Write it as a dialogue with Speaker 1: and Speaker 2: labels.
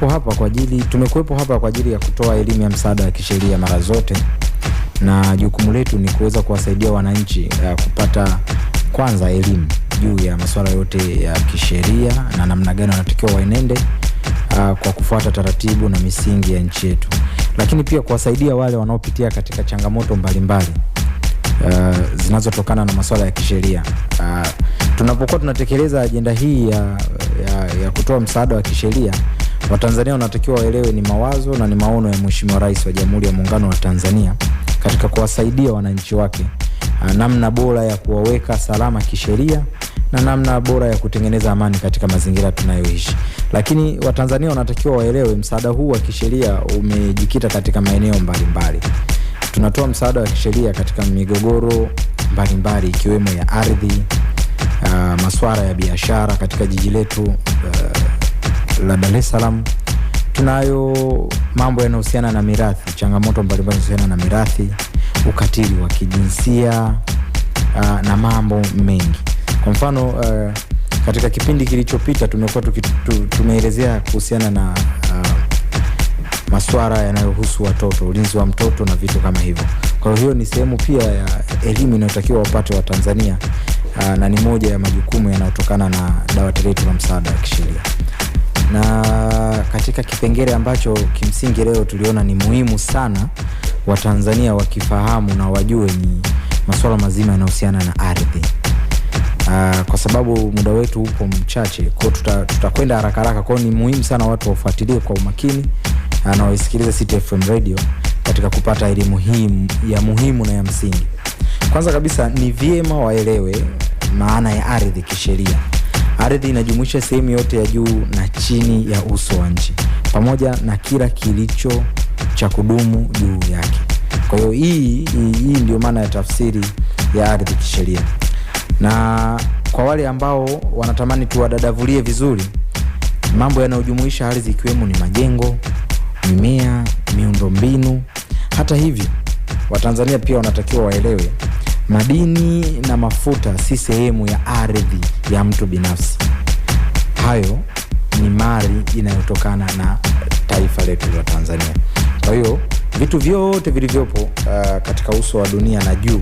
Speaker 1: tupo hapa kwa ajili, tumekuwepo hapa kwa ajili ya kutoa elimu ya msaada wa kisheria mara zote, na jukumu letu ni kuweza kuwasaidia wananchi uh, kupata kwanza elimu juu ya masuala yote ya kisheria na namna gani wanatakiwa waenende uh, kwa kufuata taratibu na misingi ya nchi yetu, lakini pia kuwasaidia wale wanaopitia katika changamoto mbalimbali mbali, uh, eh, zinazotokana na masuala ya kisheria uh, tunapokuwa tunatekeleza ajenda hii ya, ya, ya kutoa msaada wa kisheria Watanzania wanatakiwa waelewe ni mawazo na ni maono ya Mheshimiwa Rais wa Jamhuri ya Muungano wa Tanzania katika kuwasaidia wananchi wake ah, namna bora ya kuwaweka salama kisheria na namna bora ya kutengeneza amani katika mazingira tunayoishi. Lakini Watanzania wanatakiwa waelewe msaada huu wa kisheria umejikita katika maeneo mbalimbali. Tunatoa msaada wa kisheria katika migogoro mbalimbali ikiwemo ya ardhi, uh, masuala ya biashara katika jiji letu, uh, la Dar es Salaam. Tunayo mambo yanayohusiana na mirathi, changamoto mbalimbali zinazohusiana na mirathi, ukatili wa kijinsia uh, na mambo mengi. Kwa mfano uh, katika kipindi kilichopita tumekuwa tumeelezea kuhusiana na uh, ah, masuala yanayohusu watoto, ulinzi wa mtoto na vitu kama hivyo. Kwa hiyo ni sehemu pia ya elimu inayotakiwa wapate wa Tanzania, uh, na ni moja ya majukumu yanayotokana na dawati letu la msaada wa kisheria katika kipengele ambacho kimsingi leo tuliona ni muhimu sana Watanzania wakifahamu na wajue ni masuala mazima yanayohusiana na ardhi. Uh, kwa sababu muda wetu upo mchache, kwa tuta, tutakwenda haraka haraka, kwao ni muhimu sana watu wafuatilie kwa umakini uh, na waisikilize Radio katika kupata elimu hii ya muhimu na ya msingi. Kwanza kabisa ni vyema waelewe maana ya ardhi kisheria Ardhi inajumuisha sehemu yote ya juu na chini ya uso wa nchi pamoja na kila kilicho cha kudumu juu yake. Kwa hiyo hii hii ndio maana ya tafsiri ya ardhi kisheria. Na kwa wale ambao wanatamani tuwadadavulie vizuri mambo yanayojumuisha ardhi, ikiwemo ni majengo, mimea, miundombinu. Hata hivyo, Watanzania pia wanatakiwa waelewe Madini na mafuta si sehemu ya ardhi ya mtu binafsi. Hayo ni mali inayotokana na taifa letu la Tanzania. Kwa hiyo vitu vyote vilivyopo uh, katika uso wa dunia na juu